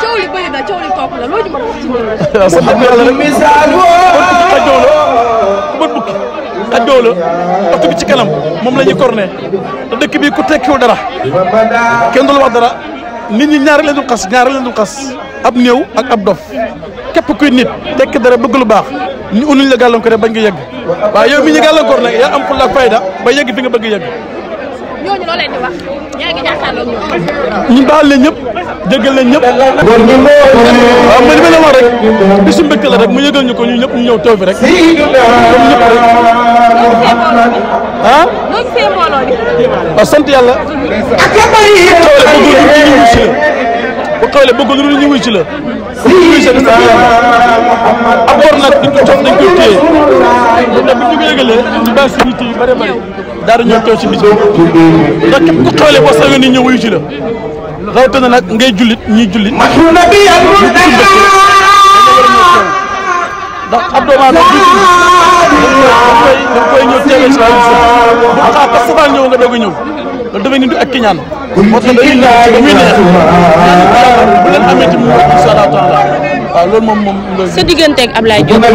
coow li bëri la loo ñu mën a wax ci loolu. ci kanam moom la ñuy corné te dëkk bi ku tekkiwu dara kenn du wax dara nit ñi ñaari leen dul xas ñaari leen dul xas ab néew ak ab dof képp kuy nit tekki dara bëgg lu baax ñu unuñ la gàllankoor bañ nga yegg waaye yow mi ñu gàllankoor nag yaa am fulla ak fayda ba yegg fi nga bëgg yegg. ñooñu loo leen di wax yaa ngi jàkkaarloo ñoom. ñun baal leen ñëpp jéggal leen ñëpp. waaw man li ma rek bisu mbégte la rek mu yëgal ñu ko ñun ñëpp ñu ñëw teew rek. comme ñëpp rek. ah. noo gisee mbooloo bi. waaw yàlla. bu xawle bëggul lu ñu wuy la. bu xawle bëggul lu ñu wuy ci la. bu xawle bëggul lu ñu wuy la. lëkkale ci facilité yu bëri bëri daal dañoo teew ci bis bi ndax képp ku xoolee boo sañoon ni ñëw wuyu ci la rawatina nag ngay ab doomu aadama a loolu dafay nit ak ki ñaan moo tax loolu moom sa digganteeg Ablaye Diop. moo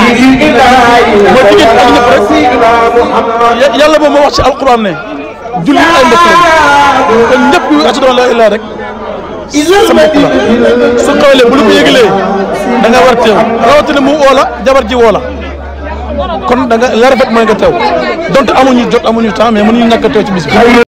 yàlla moom moo wax ci alquran ne julli ay mbokk lañ a ñëpp ñu wax ci doon la ilaa rek sa mbokk la su xewlee bu lu ko yëgalee war teew rawatina mu woo la jabar ji woo kon da nga la rafet mooy nga teew donte amuñu jot amuñu temps mais mënuñu ñàkk a teew ci bis